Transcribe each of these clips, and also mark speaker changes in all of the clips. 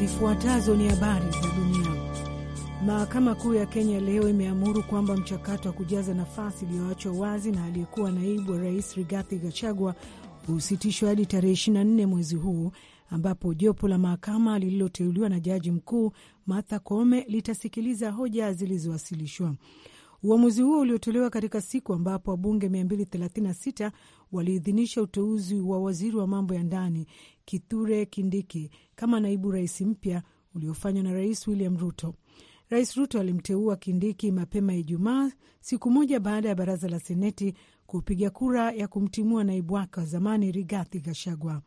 Speaker 1: Zifuatazo ni habari za dunia. Mahakama Kuu ya Kenya leo imeamuru kwamba mchakato wa kujaza nafasi iliyoachwa wazi na aliyekuwa naibu wa rais Rigathi Gachagua husitishwa hadi tarehe 24 mwezi huu ambapo jopo la mahakama lililoteuliwa na jaji mkuu Martha Koome litasikiliza hoja zilizowasilishwa. Uamuzi huo uliotolewa katika siku ambapo wabunge 236 waliidhinisha uteuzi wa waziri wa mambo ya ndani Kithure Kindiki kama naibu rais mpya uliofanywa na Rais William Ruto. Rais Ruto alimteua Kindiki mapema Ijumaa, siku moja baada ya baraza la Seneti kupiga kura ya kumtimua naibu wake wa zamani Rigathi Gashagwa.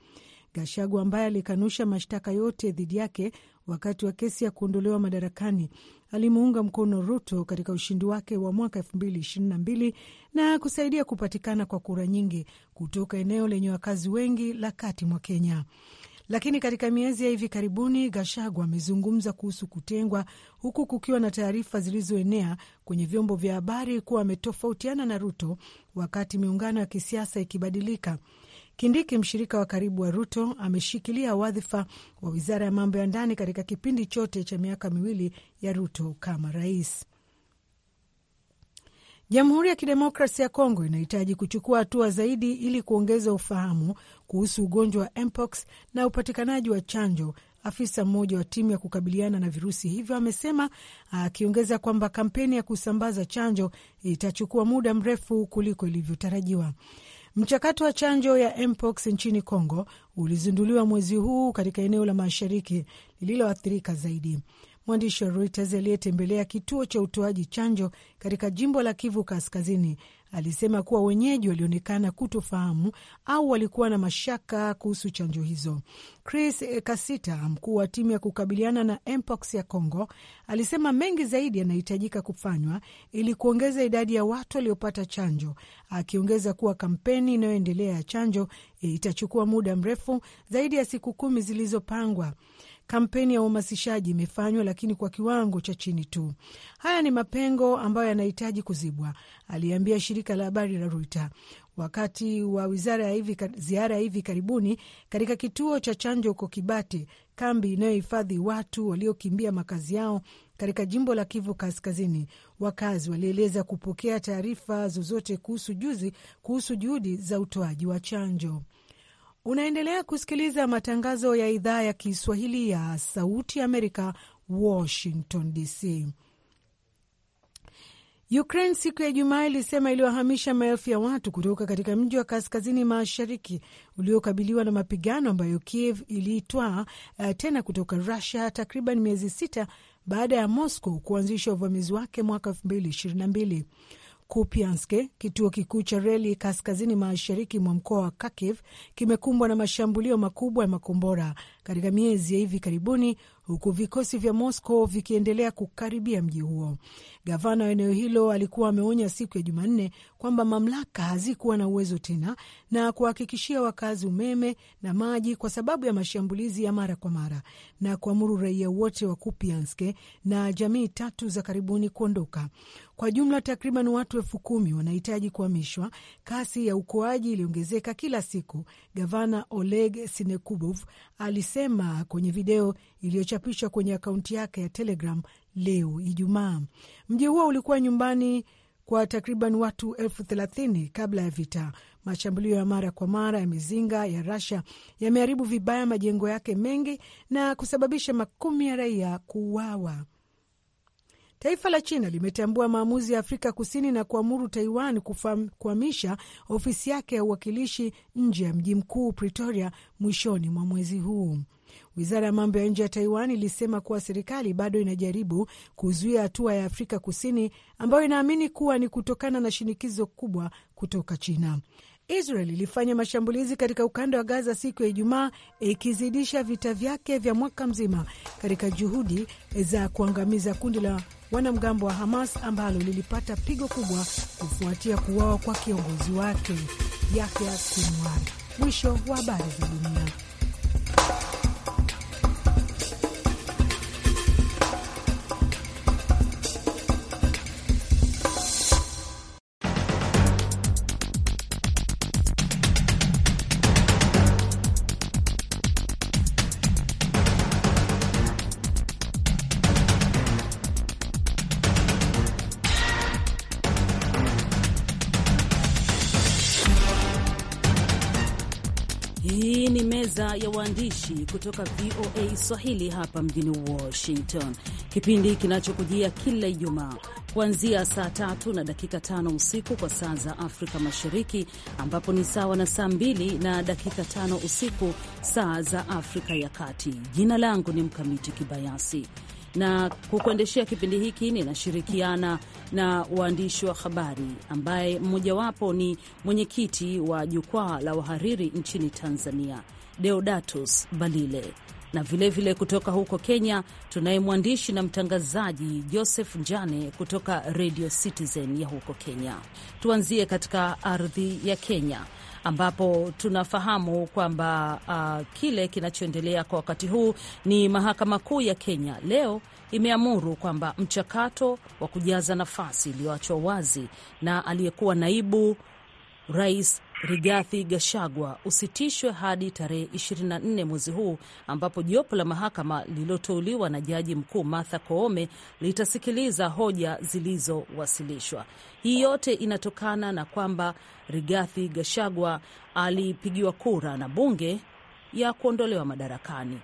Speaker 1: Gashagwa ambaye alikanusha mashtaka yote dhidi yake wakati wa kesi ya kuondolewa madarakani alimuunga mkono Ruto katika ushindi wake wa mwaka 2022 na kusaidia kupatikana kwa kura nyingi kutoka eneo lenye wakazi wengi la kati mwa Kenya. Lakini katika miezi ya hivi karibuni Gashagwa amezungumza kuhusu kutengwa, huku kukiwa na taarifa zilizoenea kwenye vyombo vya habari kuwa ametofautiana na Ruto, wakati miungano ya kisiasa ikibadilika Kindiki, mshirika wa karibu wa Ruto, ameshikilia wadhifa wa wizara ya mambo ya ndani katika kipindi chote cha miaka miwili ya Ruto kama rais. Jamhuri ya kidemokrasi ya Kongo inahitaji kuchukua hatua zaidi ili kuongeza ufahamu kuhusu ugonjwa wa mpox na upatikanaji wa chanjo. Afisa mmoja wa timu ya kukabiliana na virusi hivyo amesema, akiongeza kwamba kampeni ya kusambaza chanjo itachukua muda mrefu kuliko ilivyotarajiwa. Mchakato wa chanjo ya mpox nchini congo ulizinduliwa mwezi huu katika eneo la mashariki lililoathirika zaidi mwandishi wa Reuters aliyetembelea kituo cha utoaji chanjo katika jimbo la Kivu Kaskazini alisema kuwa wenyeji walionekana kutofahamu au walikuwa na mashaka kuhusu chanjo hizo. Chris Kasita, mkuu wa timu ya kukabiliana na mpox ya Congo, alisema mengi zaidi yanahitajika kufanywa ili kuongeza idadi ya watu waliopata chanjo, akiongeza kuwa kampeni inayoendelea ya chanjo itachukua muda mrefu zaidi ya siku kumi zilizopangwa kampeni ya uhamasishaji imefanywa, lakini kwa kiwango cha chini tu. Haya ni mapengo ambayo yanahitaji kuzibwa, aliambia shirika la habari la Reuters wakati wa wizara ya hivi, ziara ya hivi karibuni katika kituo cha chanjo huko Kibati, kambi inayohifadhi watu waliokimbia makazi yao katika jimbo la Kivu Kaskazini. Wakazi walieleza kupokea taarifa zozote kuhusu juzi kuhusu juhudi za utoaji wa chanjo. Unaendelea kusikiliza matangazo ya idhaa ya Kiswahili ya Sauti Amerika, Washington DC. Ukraine siku ya Ijumaa ilisema iliwahamisha maelfu ya watu kutoka katika mji wa kaskazini mashariki uliokabiliwa na mapigano ambayo Kiev iliitwaa uh, tena kutoka Rusia takriban miezi sita baada ya Moscow kuanzisha uvamizi wake mwaka 2022. Kupianske, kituo kikuu cha reli kaskazini mashariki mwa mkoa wa Kharkiv, kimekumbwa na mashambulio makubwa ya makombora katika miezi ya hivi karibuni, huku vikosi vya Moscow vikiendelea kukaribia mji huo. Gavana wa eneo hilo alikuwa ameonya siku ya Jumanne kwamba mamlaka hazikuwa na uwezo tena na kuhakikishia wakazi umeme na maji kwa sababu ya mashambulizi ya mara kwa mara na kuamuru raia wote wa Kupianske na jamii tatu za karibuni kuondoka. Kwa jumla takriban watu elfu kumi wanahitaji kuhamishwa. Kasi ya ukoaji iliongezeka kila siku, gavana Oleg Sinekubov alisema kwenye video iliyo uliochapishwa kwenye akaunti yake ya Telegram leo Ijumaa. Mji huo ulikuwa nyumbani kwa takriban watu elfu thelathini kabla ya vita. Mashambulio ya mara kwa mara ya mizinga ya Russia yameharibu vibaya majengo yake mengi na kusababisha makumi ya raia kuuawa. Taifa la China limetambua maamuzi ya Afrika Kusini na kuamuru Taiwan kuhamisha ofisi yake ya uwakilishi nje ya mji mkuu Pretoria mwishoni mwa mwezi huu. Wizara ya mambo ya nje ya Taiwan ilisema kuwa serikali bado inajaribu kuzuia hatua ya Afrika Kusini ambayo inaamini kuwa ni kutokana na shinikizo kubwa kutoka China. Israel ilifanya mashambulizi katika ukanda wa Gaza siku ya Ijumaa ikizidisha vita vyake vya mwaka mzima katika juhudi za kuangamiza kundi la wanamgambo wa Hamas ambalo lilipata pigo kubwa kufuatia kuuawa kwa kiongozi wake Yahya Sinwar. Mwisho wa habari za dunia.
Speaker 2: kutoka VOA Swahili hapa mjini Washington, kipindi kinachokujia kila Ijumaa kuanzia saa tatu na dakika tano usiku kwa saa za Afrika Mashariki, ambapo ni sawa na saa mbili na dakika tano usiku saa za Afrika ya Kati. Jina langu ni Mkamiti Kibayasi na kukuendeshea kipindi hiki ninashirikiana na waandishi wa habari ambaye mmojawapo ni mwenyekiti wa jukwaa la wahariri nchini Tanzania. Deodatus Balile na vilevile vile kutoka huko Kenya tunaye mwandishi na mtangazaji Joseph Njane kutoka Radio Citizen ya huko Kenya. Tuanzie katika ardhi ya Kenya ambapo tunafahamu kwamba uh, kile kinachoendelea kwa wakati huu ni mahakama kuu ya Kenya leo imeamuru kwamba mchakato wa kujaza nafasi iliyoachwa wazi na aliyekuwa naibu rais Rigathi gashagwa usitishwe hadi tarehe 24 mwezi huu ambapo jopo la mahakama lililoteuliwa na jaji mkuu Martha Koome litasikiliza hoja zilizowasilishwa. Hii yote inatokana na kwamba Rigathi gashagwa alipigiwa kura na bunge ya kuondolewa madarakani.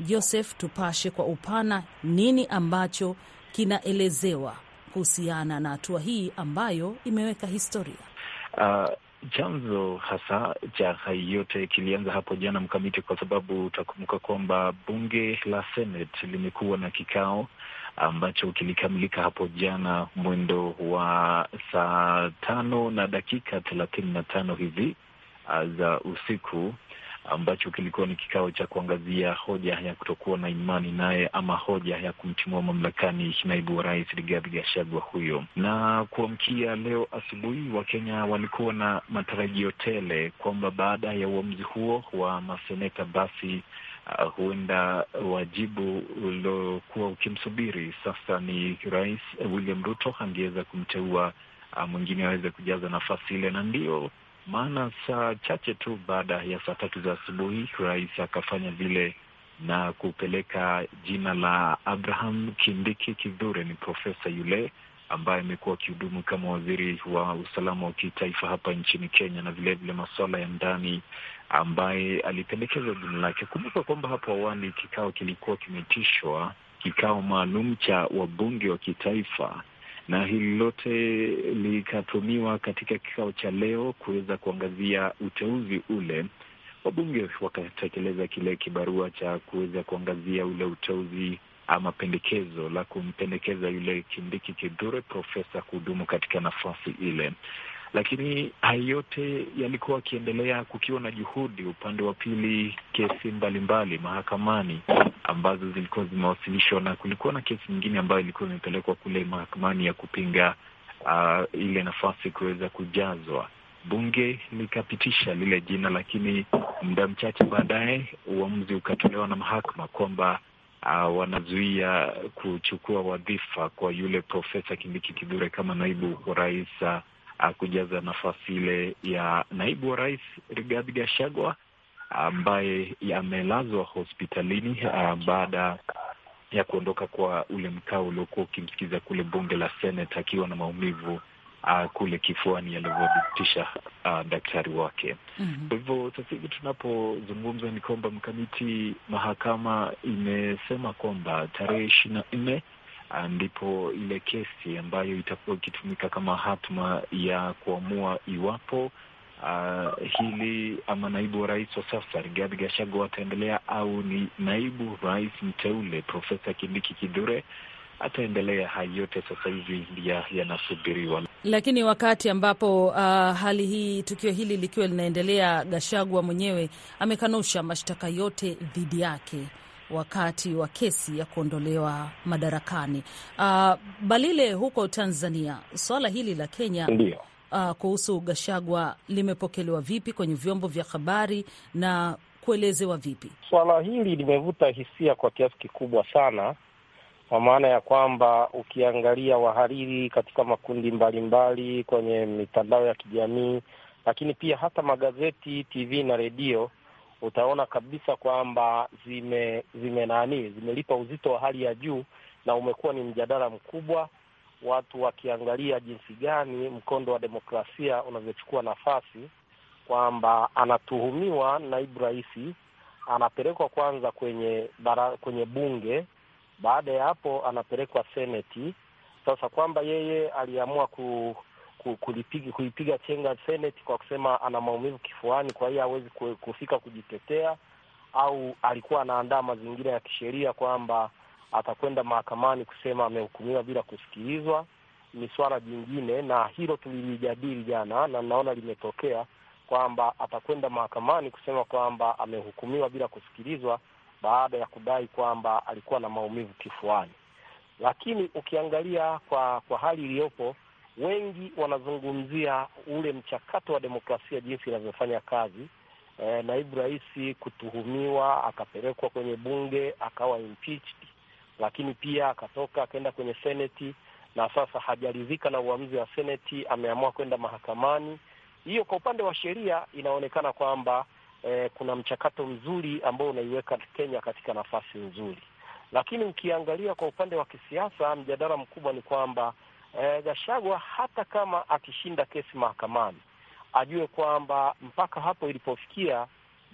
Speaker 2: Joseph, tupashe kwa upana nini ambacho kinaelezewa kuhusiana na hatua hii ambayo imeweka historia.
Speaker 3: Uh, chanzo hasa cha hai yote kilianza hapo jana mkamiti, kwa sababu utakumbuka kwamba bunge la Senate limekuwa na kikao ambacho kilikamilika hapo jana mwendo wa saa tano na dakika thelathini na tano hivi ah, za usiku ambacho kilikuwa ni kikao cha kuangazia hoja ya kutokuwa na imani naye ama hoja ya kumtimua mamlakani naibu wa rais Rigathi Gachagua huyo. Na kuamkia leo asubuhi, Wakenya walikuwa na matarajio tele kwamba baada ya uamuzi huo wa maseneta basi Uh, huenda wajibu uliokuwa ukimsubiri sasa ni Rais William Ruto angeweza kumteua uh, mwingine aweze kujaza nafasi ile, na ndio maana saa chache tu baada ya saa tatu za asubuhi rais akafanya vile na kupeleka jina la Abraham Kindiki Kithure. Ni profesa yule ambaye amekuwa akihudumu kama waziri wa usalama wa kitaifa hapa nchini Kenya na vilevile masuala ya ndani, ambaye alipendekeza jina lake. Kumbuka kwamba hapo awali kikao kilikuwa kimetishwa kikao maalum cha wabunge wa kitaifa na hili lote likatumiwa katika kikao cha leo kuweza kuangazia uteuzi ule. Wabunge wakatekeleza kile kibarua cha kuweza kuangazia ule uteuzi ama pendekezo la kumpendekeza yule Kindiki Kithure, profesa, kuhudumu katika nafasi ile. Lakini hayo yote yalikuwa akiendelea kukiwa na juhudi upande wa pili, kesi mbalimbali mbali, mahakamani ambazo zilikuwa zimewasilishwa, na kulikuwa na kesi nyingine ambayo ilikuwa imepelekwa kule mahakamani ya kupinga uh, ile nafasi kuweza kujazwa. Bunge likapitisha lile jina, lakini muda mchache baadaye uamuzi ukatolewa na mahakama kwamba Uh, wanazuia kuchukua wadhifa kwa yule Profesa Kindiki Kithure kama naibu rais uh, kujaza nafasi ile ya naibu wa rais Rigathi Gachagua ambaye amelazwa hospitalini ah, baada ya kuondoka kwa ule mkao uliokuwa ukimsikiza kule bunge la Senate akiwa na maumivu Uh, kule kifuani alivyothibitisha uh, ah, daktari wake. Mhm. Kwa hivyo mm -hmm. Sasa hivi tunapozungumza ni kwamba mkamiti, mahakama imesema kwamba tarehe ishirini na nne Ah, ndipo ile kesi ambayo itakuwa ikitumika kama hatma ya kuamua iwapo Uh, hili ama naibu wa rais wa sasa Rigathi Gachagua ataendelea au ni naibu rais mteule Profesa Kindiki Kidure ataendelea. Haya yote sasa hivi yanasubiriwa
Speaker 2: ya, lakini wakati ambapo uh, hali hii, tukio hili likiwa linaendelea, Gachagua mwenyewe amekanusha mashtaka yote dhidi yake wakati wa kesi ya kuondolewa madarakani. Uh, Balile, huko Tanzania swala hili la Kenya ndio Uh, kuhusu Gashagwa limepokelewa vipi kwenye vyombo vya habari na kuelezewa vipi? Swala
Speaker 4: hili limevuta hisia kwa kiasi kikubwa sana, kwa maana ya kwamba ukiangalia wahariri katika makundi mbalimbali mbali, kwenye mitandao ya kijamii, lakini pia hata magazeti, TV na redio utaona kabisa kwamba zime, zime nani zimelipa uzito wa hali ya juu, na umekuwa ni mjadala mkubwa, watu wakiangalia jinsi gani mkondo wa demokrasia unavyochukua nafasi, kwamba anatuhumiwa naibu rais anapelekwa kwanza kwenye bara, kwenye bunge, baada ya hapo anapelekwa seneti. Sasa kwamba yeye aliamua ku kulipiga kuipiga chenga Senate kwa kusema ana maumivu kifuani, kwa hiyo hawezi kufika kujitetea, au alikuwa anaandaa mazingira ya kisheria kwamba atakwenda mahakamani kusema amehukumiwa bila kusikilizwa, ni swala jingine, na hilo tulilijadili jana na naona limetokea kwamba atakwenda mahakamani kusema kwamba amehukumiwa bila kusikilizwa baada ya kudai kwamba alikuwa na maumivu kifuani. Lakini ukiangalia kwa kwa hali iliyopo wengi wanazungumzia ule mchakato wa demokrasia jinsi inavyofanya kazi. E, naibu rais kutuhumiwa akapelekwa kwenye bunge akawa impeached, lakini pia akatoka akaenda kwenye seneti na sasa hajaridhika na uamuzi wa seneti, ameamua kwenda mahakamani. Hiyo kwa upande wa sheria inaonekana kwamba e, kuna mchakato mzuri ambao unaiweka Kenya katika nafasi nzuri, lakini ukiangalia kwa upande wa kisiasa, mjadala mkubwa ni kwamba e, eh, Gashagwa hata kama akishinda kesi mahakamani ajue kwamba mpaka hapo ilipofikia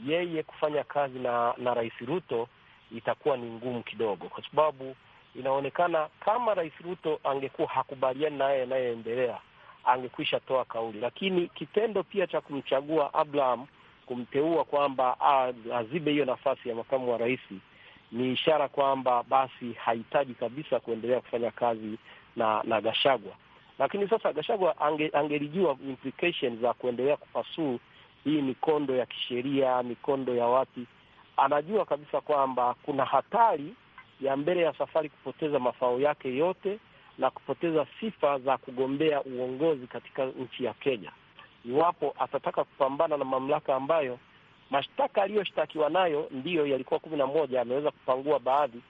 Speaker 4: yeye kufanya kazi na na Rais Ruto itakuwa ni ngumu kidogo, kwa sababu inaonekana kama Rais Ruto angekuwa hakubaliani naye anayeendelea angekwisha toa kauli, lakini kitendo pia cha kumchagua Abraham kumteua kwamba azibe hiyo nafasi ya makamu wa rais ni ishara kwamba basi hahitaji kabisa kuendelea kufanya kazi na na Gashagwa, lakini sasa Gashagwa ange, angelijua implications za kuendelea kupasuu hii mikondo ya kisheria, mikondo ya wapi. Anajua kabisa kwamba kuna hatari ya mbele ya safari kupoteza mafao yake yote na kupoteza sifa za kugombea uongozi katika nchi ya Kenya iwapo atataka kupambana na mamlaka ambayo mashtaka aliyoshtakiwa nayo ndiyo yalikuwa kumi na moja, ameweza kupangua baadhi,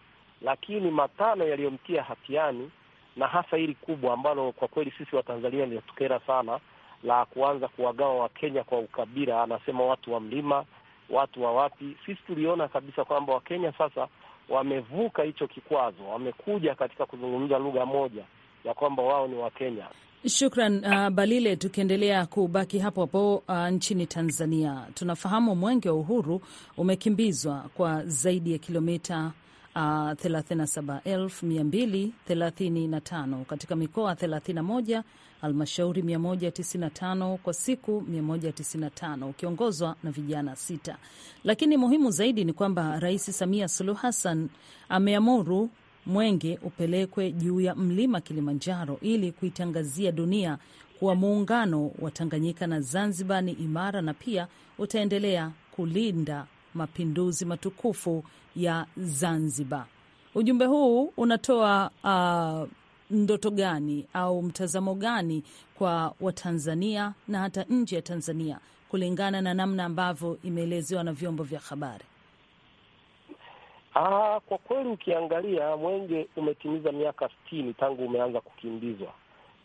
Speaker 4: lakini matano yaliyomtia hatiani na hasa hili kubwa ambalo kwa kweli sisi Watanzania linatukera sana, la kuanza kuwagawa Wakenya kwa ukabila, anasema watu wa mlima, watu wa wapi. Sisi tuliona kabisa kwamba Wakenya sasa wamevuka hicho kikwazo, wamekuja katika kuzungumza lugha moja ya kwamba wao ni Wakenya.
Speaker 2: Shukran uh, Balile. Tukiendelea kubaki hapo hapo uh, nchini Tanzania, tunafahamu mwenge wa uhuru umekimbizwa kwa zaidi ya kilomita 37235 katika mikoa 31, halmashauri 195 kwa siku 195, ukiongozwa na vijana sita. Lakini muhimu zaidi ni kwamba Rais Samia Suluhu Hassan ameamuru mwenge upelekwe juu ya mlima Kilimanjaro ili kuitangazia dunia kuwa muungano wa Tanganyika na Zanzibar ni imara na pia utaendelea kulinda mapinduzi matukufu ya Zanzibar. Ujumbe huu unatoa uh, ndoto gani au mtazamo gani kwa Watanzania na hata nje ya Tanzania kulingana na namna ambavyo imeelezewa na vyombo vya habari?
Speaker 4: Aa, ah, kwa kweli ukiangalia mwenge umetimiza miaka sitini tangu umeanza kukimbizwa.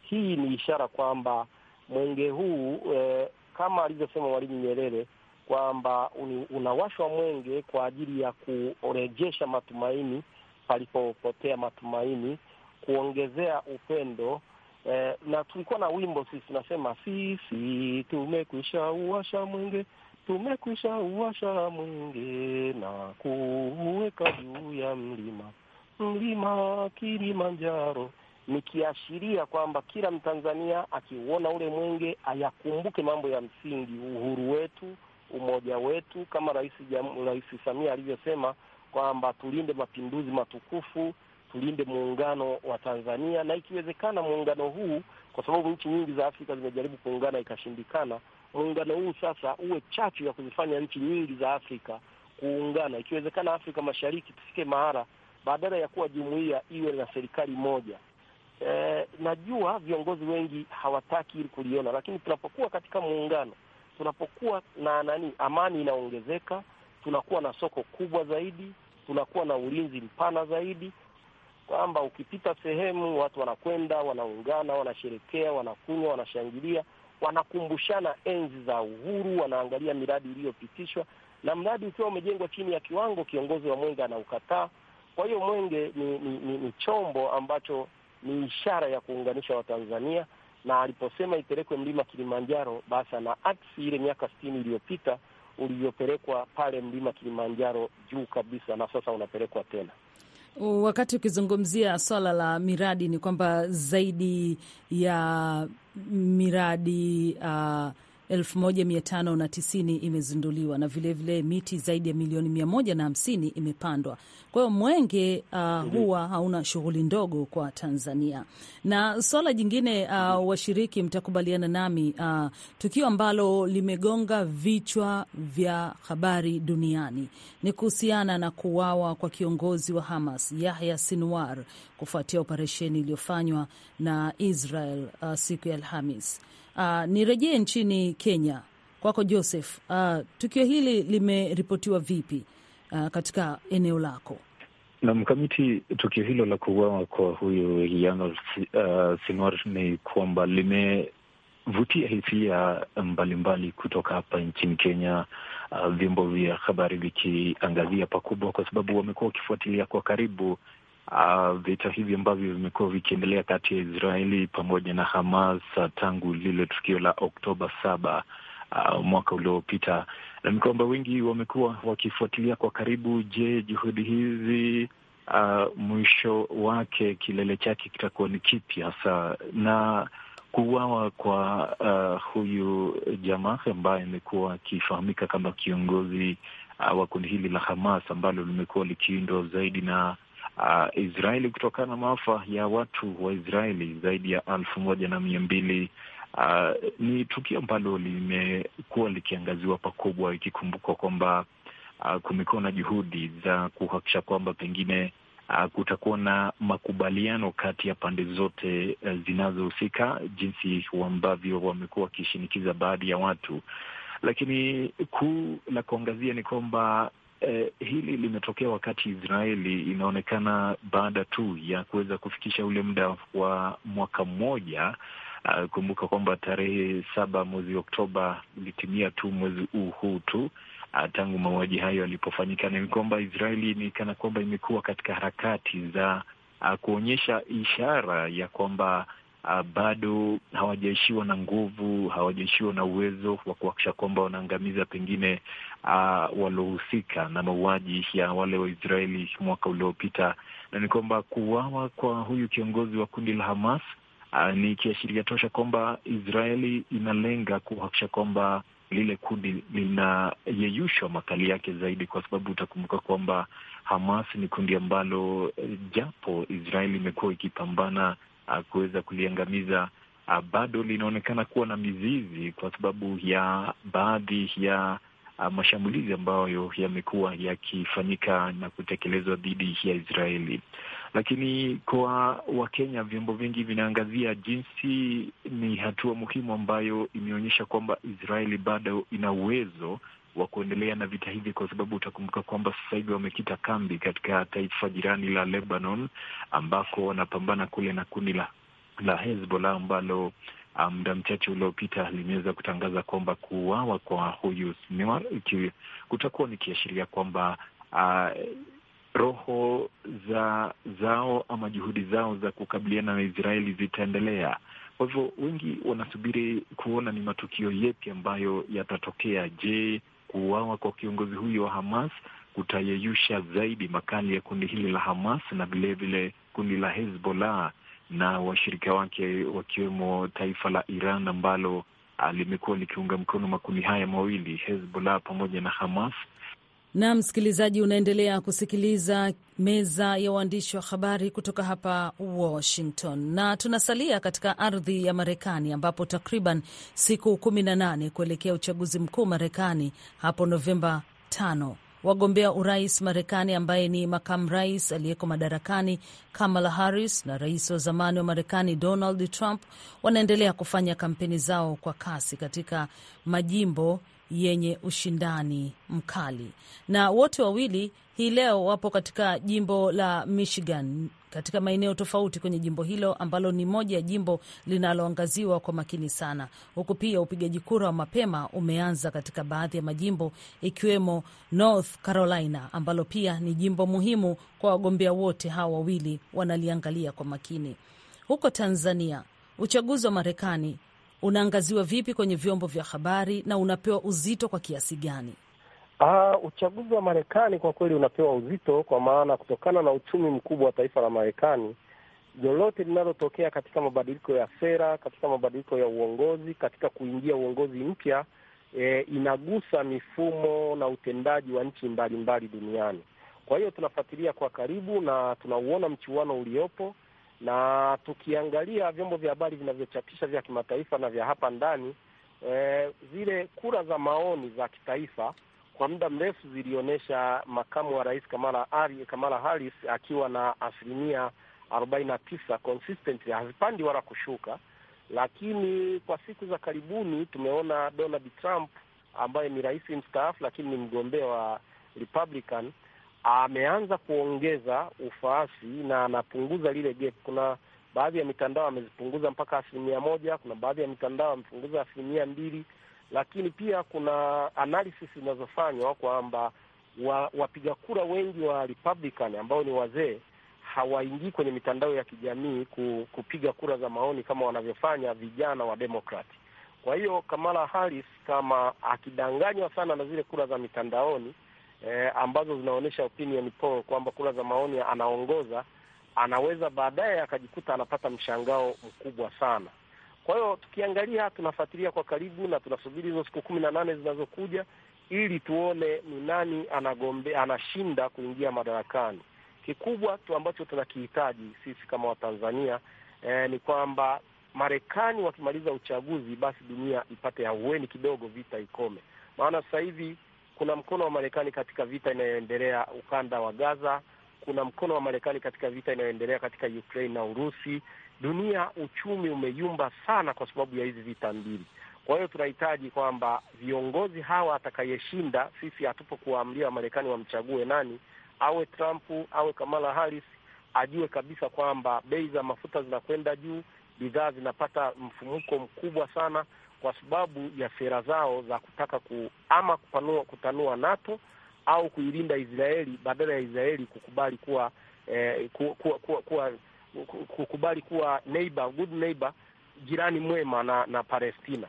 Speaker 4: Hii ni ishara kwamba mwenge huu e, kama alivyosema Mwalimu Nyerere kwamba unawashwa mwenge kwa ajili ya kurejesha matumaini palipopotea matumaini, kuongezea upendo. Eh, na tulikuwa na wimbo sisi tunasema, sisi tumekwisha uwasha mwenge, tumekwisha uwasha mwenge na kuweka juu ya mlima mlima Kilimanjaro, nikiashiria kwamba kila Mtanzania akiuona ule mwenge ayakumbuke mambo ya msingi, uhuru wetu, umoja wetu kama rais Rais Samia alivyosema kwamba tulinde mapinduzi matukufu, tulinde muungano wa Tanzania na ikiwezekana muungano huu, kwa sababu nchi nyingi za Afrika zimejaribu kuungana ikashindikana. Muungano huu sasa uwe chachu ya kuzifanya nchi nyingi za Afrika kuungana, ikiwezekana Afrika Mashariki tufike mahara, badala ya kuwa jumuiya iwe na serikali moja. E, najua viongozi wengi hawataki ili kuliona, lakini tunapokuwa katika muungano tunapokuwa na nani, amani inaongezeka, tunakuwa na soko kubwa zaidi, tunakuwa na ulinzi mpana zaidi, kwamba ukipita sehemu watu wanakwenda, wanaungana, wanasherekea, wanakunywa, wanashangilia, wanakumbushana enzi za uhuru, wanaangalia miradi iliyopitishwa, na mradi ukiwa umejengwa chini ya kiwango, kiongozi wa mwenge anaukataa. Kwa hiyo mwenge ni, ni, ni, ni chombo ambacho ni ishara ya kuunganisha Watanzania na aliposema ipelekwe mlima Kilimanjaro, basi na aksi ile miaka sitini iliyopita ulivyopelekwa pale mlima Kilimanjaro juu kabisa, na sasa unapelekwa tena.
Speaker 2: Wakati ukizungumzia swala la miradi, ni kwamba zaidi ya miradi uh, 1590 imezinduliwa na vilevile vile miti zaidi ya milioni 150 imepandwa. Kwa hiyo mwenge uh, mhm. huwa hauna shughuli ndogo kwa Tanzania. Na swala jingine uh, mhm. washiriki mtakubaliana nami uh, tukio ambalo limegonga vichwa vya habari duniani ni kuhusiana na kuuawa kwa kiongozi wa Hamas Yahya Sinwar kufuatia operesheni iliyofanywa na Israel uh, siku ya Alhamis. Uh, nirejee nchini Kenya kwako Joseph. Uh, tukio hili limeripotiwa vipi uh, katika eneo lako?
Speaker 3: na mkamiti tukio hilo la kuuawa kwa huyu Riama uh, Sinwar ni kwamba limevutia hisia mbalimbali kutoka hapa nchini Kenya, uh, vyombo vya habari vikiangazia pakubwa, kwa sababu wamekuwa wakifuatilia kwa karibu uh, vita hivi ambavyo vimekuwa vikiendelea kati ya Israeli pamoja na Hamas ah, tangu lile tukio la Oktoba saba uh, mwaka uliopita, na ni kwamba wengi wamekuwa wakifuatilia kwa karibu. Je, juhudi hizi uh, mwisho wake kilele chake kitakuwa ni kipi hasa na kuuawa kwa uh, huyu jamaa ambaye amekuwa akifahamika kama kiongozi uh, wa kundi hili la Hamas ambalo limekuwa likiindwa zaidi na uh, Israeli kutokana na maafa ya watu wa Israeli zaidi ya elfu moja na mia mbili. Uh, ni tukio ambalo limekuwa likiangaziwa pakubwa, ikikumbukwa kwamba uh, kumekuwa na juhudi za kuhakikisha kwamba pengine uh, kutakuwa na makubaliano kati ya pande zote uh, zinazohusika, jinsi ambavyo wamekuwa wakishinikiza baadhi ya watu, lakini kuu la kuangazia ni kwamba Eh, hili limetokea wakati Israeli inaonekana baada tu ya kuweza kufikisha ule muda wa mwaka mmoja. Uh, kumbuka kwamba tarehe saba mwezi Oktoba ulitimia tu mwezi huu huu tu uh, tangu mauaji hayo yalipofanyika. Ni kwamba Israeli ni kana kwamba imekuwa katika harakati za uh, kuonyesha ishara ya kwamba uh, bado hawajaishiwa na nguvu, hawajaishiwa na uwezo wa kuhakikisha kwamba wanaangamiza pengine uh, waliohusika na mauaji ya wale Waisraeli mwaka uliopita, na ni kwamba kuuawa kwa huyu kiongozi wa kundi la Hamas uh, ni kiashiria tosha kwamba Israeli inalenga kuhakikisha kwamba lile kundi linayeyushwa makali yake zaidi, kwa sababu utakumbuka kwamba Hamas ni kundi ambalo eh, japo Israeli imekuwa ikipambana uh, kuweza kuliangamiza uh, bado linaonekana kuwa na mizizi kwa sababu ya baadhi ya uh, mashambulizi ambayo yamekuwa yakifanyika na kutekelezwa dhidi ya Israeli. Lakini kwa Wakenya, vyombo vingi vinaangazia jinsi ni hatua muhimu ambayo imeonyesha kwamba Israeli bado ina uwezo wa kuendelea na vita hivi, kwa sababu utakumbuka kwamba sasa hivi wamekita kambi katika taifa jirani la Lebanon, ambako wanapambana kule na kundi la la Hezbollah ambalo ah, muda um, mchache uliopita limeweza kutangaza kwamba kuuawa kwa huyu kutakuwa ni kiashiria kwamba uh, roho za zao ama juhudi zao za kukabiliana na Israeli zitaendelea. Kwa hivyo wengi wanasubiri kuona ni matukio yepi ambayo yatatokea. Je, kuuawa kwa kiongozi huyo wa Hamas kutayeyusha zaidi makali ya kundi hili la Hamas na vilevile kundi la Hezbollah na washirika wake wakiwemo taifa la Iran ambalo ah, limekuwa likiunga mkono makundi haya mawili Hezbollah pamoja na
Speaker 2: Hamas na msikilizaji, unaendelea kusikiliza meza ya waandishi wa habari kutoka hapa Washington, na tunasalia katika ardhi ya Marekani ambapo takriban siku 18 kuelekea uchaguzi mkuu Marekani hapo Novemba 5 wagombea urais Marekani ambaye ni makamu rais aliyeko madarakani Kamala Harris na rais wa zamani wa Marekani Donald Trump wanaendelea kufanya kampeni zao kwa kasi katika majimbo yenye ushindani mkali, na wote wawili hii leo wapo katika jimbo la Michigan katika maeneo tofauti kwenye jimbo hilo ambalo ni moja ya jimbo linaloangaziwa kwa makini sana, huku pia upigaji kura wa mapema umeanza katika baadhi ya majimbo ikiwemo North Carolina ambalo pia ni jimbo muhimu kwa wagombea wote hawa wawili, wanaliangalia kwa makini. Huko Tanzania, uchaguzi wa Marekani unaangaziwa vipi kwenye vyombo vya habari na unapewa uzito kwa kiasi gani?
Speaker 4: Aa, ah, uchaguzi wa Marekani kwa kweli unapewa uzito kwa maana kutokana na uchumi mkubwa wa taifa la Marekani, lolote linalotokea katika mabadiliko ya sera, katika mabadiliko ya uongozi, katika kuingia uongozi mpya e, inagusa mifumo na utendaji wa nchi mbalimbali duniani. Kwa hiyo tunafuatilia kwa karibu na tunauona mchuano uliopo na tukiangalia vyombo vya habari vinavyochapisha vya kimataifa na vya hapa ndani e, zile kura za maoni za kitaifa kwa muda mrefu zilionyesha makamu wa rais Kamala, Ari, Kamala Harris akiwa na asilimia arobaini na tisa consistently hazipandi wala kushuka, lakini kwa siku za karibuni tumeona Donald Trump ambaye ni rais mstaafu, lakini ni mgombea wa Republican ameanza kuongeza ufaasi na anapunguza lile gap. Kuna baadhi ya mitandao amezipunguza mpaka asilimia moja, kuna baadhi ya mitandao amepunguza asilimia mbili, lakini pia kuna analysis zinazofanywa kwamba wa, wapiga kura wengi wa Republican ambao ni wazee hawaingii kwenye mitandao ya kijamii ku, kupiga kura za maoni kama wanavyofanya vijana wa Democrat. Kwa hiyo Kamala Harris kama akidanganywa sana na zile kura za mitandaoni eh, ambazo zinaonyesha opinion poll kwamba kura za maoni anaongoza, anaweza baadaye akajikuta anapata mshangao mkubwa sana. Kwa hiyo tukiangalia, tunafuatilia kwa karibu na tunasubiri hizo siku kumi na nane zinazokuja ili tuone ni nani anagombe anashinda kuingia madarakani. Kikubwa tu ambacho tunakihitaji sisi kama Watanzania eh, ni kwamba Marekani wakimaliza uchaguzi, basi dunia ipate ahueni kidogo, vita ikome. Maana sasa hivi kuna mkono wa Marekani katika vita inayoendelea ukanda wa Gaza. Kuna mkono wa Marekani katika vita inayoendelea katika Ukraine na Urusi. Dunia uchumi umeyumba sana kwa sababu ya hizi vita mbili. Kwa hiyo tunahitaji kwamba viongozi hawa, atakayeshinda, sisi hatupokuwaambia Wamarekani wamchague nani, awe Trump awe Kamala Harris, ajue kabisa kwamba bei za mafuta zinakwenda juu, bidhaa zinapata mfumuko mkubwa sana kwa sababu ya sera zao za kutaka ku, ama kupanua, kutanua NATO au kuilinda Israeli badala ya Israeli kukubali kuwa eh, ku, ku, ku, kuwa kukubali kuwa neighbor, good neighbor, jirani mwema na, na Palestina.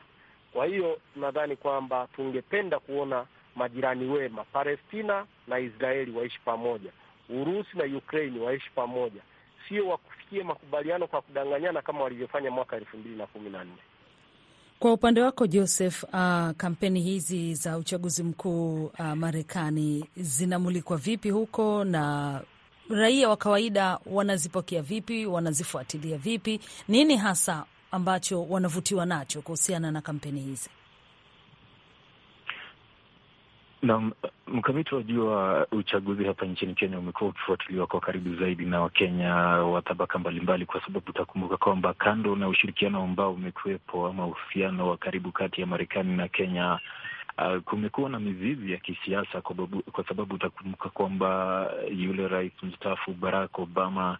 Speaker 4: Kwa hiyo nadhani kwamba tungependa kuona majirani wema, Palestina na Israeli waishi pamoja, Urusi na Ukraini waishi pamoja, sio wa kufikia makubaliano kwa kudanganyana kama walivyofanya mwaka elfu mbili na kumi na nne.
Speaker 2: Kwa upande wako Joseph, uh, kampeni hizi za uchaguzi mkuu uh, Marekani zinamulikwa vipi huko na raia wa kawaida wanazipokea vipi? Wanazifuatilia vipi? Nini hasa ambacho wanavutiwa nacho kuhusiana na kampeni hizi?
Speaker 3: nam mkamiti, wajua uchaguzi hapa nchini Kenya umekuwa ukifuatiliwa kwa karibu zaidi na Wakenya wa tabaka mbalimbali, kwa sababu utakumbuka kwamba kando na ushirikiano ambao umekuwepo ama uhusiano wa karibu kati ya Marekani na Kenya, uh, kumekuwa na mizizi ya kisiasa kwa, babu, kwa sababu utakumbuka kwamba yule rais mstaafu Barack Obama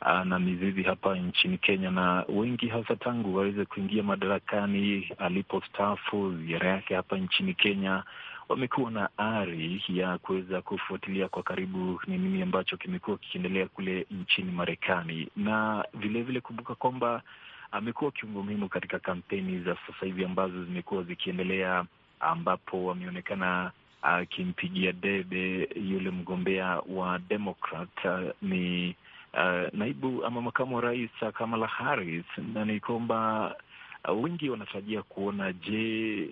Speaker 3: ana uh, mizizi hapa nchini Kenya, na wengi hasa tangu waweze kuingia madarakani, alipostaafu, ziara yake hapa nchini Kenya wamekuwa na ari ya kuweza kufuatilia kwa karibu ni nini ambacho kimekuwa kikiendelea kule nchini Marekani, na vilevile kumbuka kwamba amekuwa kiungo muhimu katika kampeni za sasa hivi ambazo zimekuwa zikiendelea, ambapo wameonekana akimpigia debe yule mgombea wa uh, ni Uh, naibu ama makamu wa rais Kamala Harris, na ni kwamba uh, wengi wanatarajia kuona, je,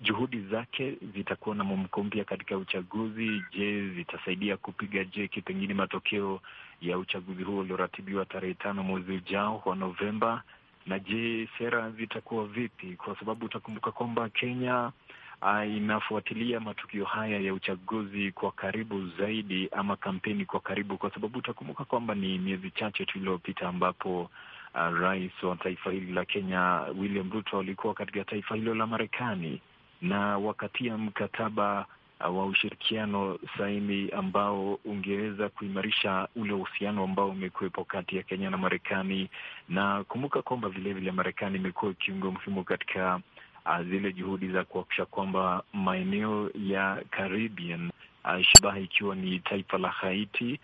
Speaker 3: juhudi zake zitakuwa na mwamko mpya katika uchaguzi? Je, zitasaidia kupiga jeki pengine matokeo ya uchaguzi huo ulioratibiwa tarehe tano mwezi ujao wa Novemba? Na je, sera zitakuwa vipi? Kwa sababu utakumbuka kwamba Kenya ah, inafuatilia matukio haya ya uchaguzi kwa karibu zaidi, ama kampeni kwa karibu, kwa sababu utakumbuka kwamba ni miezi chache tu iliyopita ambapo Uh, rais wa taifa hili la Kenya William Ruto alikuwa katika taifa hilo la Marekani na wakatia mkataba uh, wa ushirikiano saini ambao ungeweza kuimarisha ule uhusiano ambao umekuwepo kati ya Kenya na Marekani. Na kumbuka kwamba vilevile Marekani imekuwa kiungo muhimu katika uh, zile juhudi za kuhakikisha kwamba maeneo ya Caribbean uh, shabaha ikiwa ni taifa la Haiti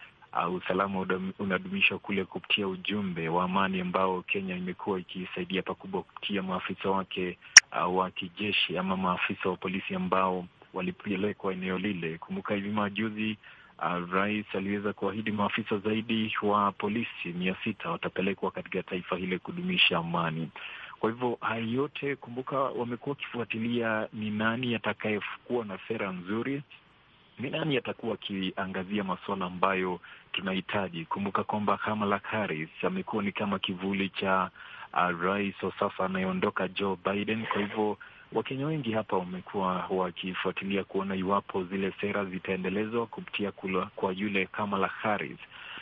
Speaker 3: uh, usalama unadumishwa kule kupitia ujumbe wa amani ambao Kenya imekuwa ikisaidia pakubwa kupitia maafisa wake uh, wa kijeshi ama maafisa wa polisi ambao walipelekwa eneo lile. Kumbuka hivi majuzi uh, rais aliweza kuahidi maafisa zaidi wa polisi mia sita watapelekwa katika taifa hile kudumisha amani. Kwa hivyo hayo yote, kumbuka, wamekuwa wakifuatilia ni nani atakayekuwa na sera nzuri ni nani atakuwa akiangazia masuala ambayo tunahitaji. Kumbuka kwamba Kamala Harris amekuwa ni kama kivuli cha uh, rais wa sasa anayeondoka Joe Biden. Kwa hivyo Wakenya wengi hapa wamekuwa wakifuatilia kuona iwapo zile sera zitaendelezwa kupitia kwa yule Kamala Harris,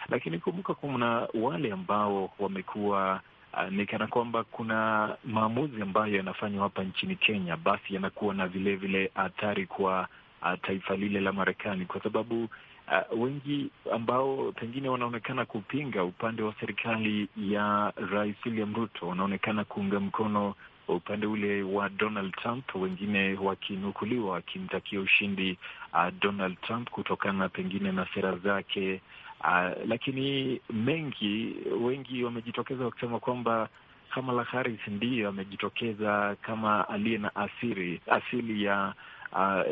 Speaker 3: lakini kumbuka, kuna wale ambao wamekuwa Uh, ni kana kwamba kuna maamuzi ambayo yanafanywa hapa nchini Kenya, basi yanakuwa na vilevile athari kwa uh, taifa lile la Marekani, kwa sababu uh, wengi ambao pengine wanaonekana kupinga upande wa serikali ya Rais William Ruto wanaonekana kuunga mkono upande ule wa Donald Trump, wengine wakinukuliwa wakimtakia ushindi uh, Donald Trump kutokana pengine na sera zake uh, lakini mengi, wengi wamejitokeza wakisema kwamba Kamala Harris ndiyo amejitokeza kama aliye na asili ya uh,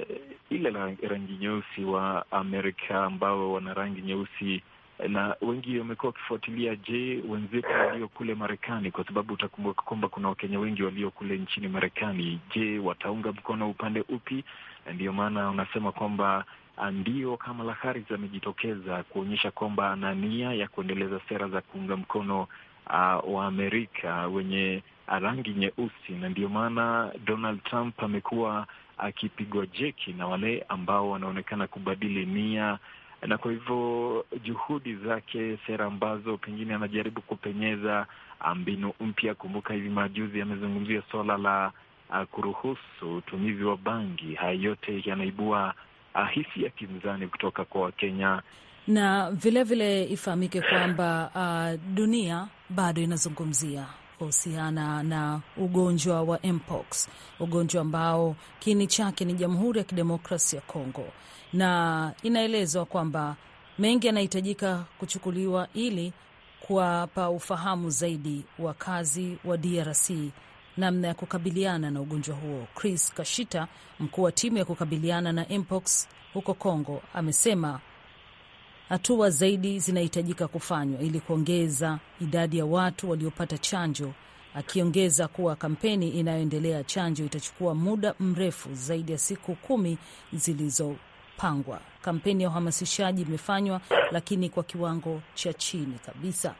Speaker 3: ile la rangi nyeusi wa Amerika ambao wana rangi nyeusi na wengi wamekuwa wakifuatilia, je, wenzetu walio kule Marekani, kwa sababu utakumbuka kwamba kuna Wakenya wengi walio kule nchini Marekani. Je, wataunga mkono upande upi? Na ndiyo maana unasema kwamba ah, ndio Kamala Harris amejitokeza kuonyesha kwamba ana nia ya kuendeleza sera za kuunga mkono uh, wa Amerika wenye rangi nyeusi, na ndio maana Donald Trump amekuwa akipigwa jeki na wale ambao wanaonekana kubadili nia, na kwa hivyo juhudi zake, sera ambazo pengine anajaribu kupenyeza, ah, mbinu mpya. Kumbuka hivi majuzi amezungumzia suala la uh, kuruhusu utumizi wa bangi. Haya yote yanaibua uh, ah, hisia ya kinzani kutoka kwa Wakenya
Speaker 2: na vilevile ifahamike kwamba uh, dunia bado inazungumzia kuhusiana na ugonjwa wa mpox, ugonjwa ambao kiini chake ni Jamhuri ya Kidemokrasi ya Kongo, na inaelezwa kwamba mengi yanahitajika kuchukuliwa ili kuwapa ufahamu zaidi wakazi wa DRC namna ya kukabiliana na ugonjwa huo. Chris Kashita, mkuu wa timu ya kukabiliana na mpox huko Kongo, amesema hatua zaidi zinahitajika kufanywa ili kuongeza idadi ya watu waliopata chanjo, akiongeza kuwa kampeni inayoendelea chanjo itachukua muda mrefu zaidi ya siku kumi zilizopangwa. Kampeni ya uhamasishaji imefanywa, lakini kwa kiwango cha chini kabisa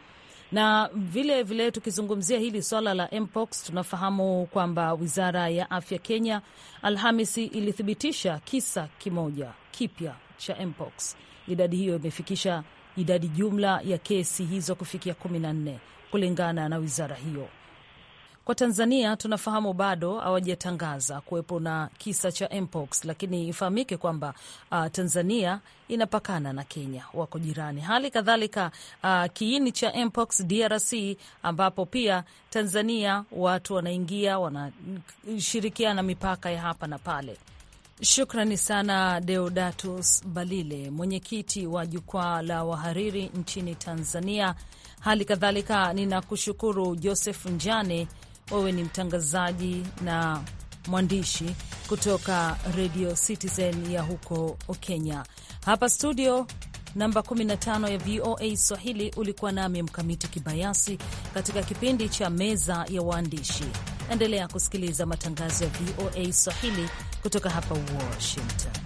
Speaker 2: na vile vile tukizungumzia hili swala la mpox, tunafahamu kwamba wizara ya afya Kenya Alhamisi ilithibitisha kisa kimoja kipya cha mpox idadi hiyo imefikisha idadi jumla ya kesi hizo kufikia kumi na nne kulingana na wizara hiyo. Kwa Tanzania tunafahamu bado hawajatangaza kuwepo na kisa cha mpox, lakini ifahamike kwamba uh, Tanzania inapakana na Kenya, wako jirani. Hali kadhalika uh, kiini cha mpox DRC, ambapo pia Tanzania watu wanaingia wanashirikiana mipaka ya hapa na pale. Shukrani sana Deodatus Balile, mwenyekiti wa jukwaa la wahariri nchini Tanzania. Hali kadhalika ninakushukuru Joseph Njane, wewe ni mtangazaji na mwandishi kutoka Radio Citizen ya huko Kenya. Hapa studio namba 15 ya VOA Swahili ulikuwa nami Mkamiti Kibayasi katika kipindi cha Meza ya Waandishi. Endelea kusikiliza matangazo ya VOA Swahili kutoka hapa Washington.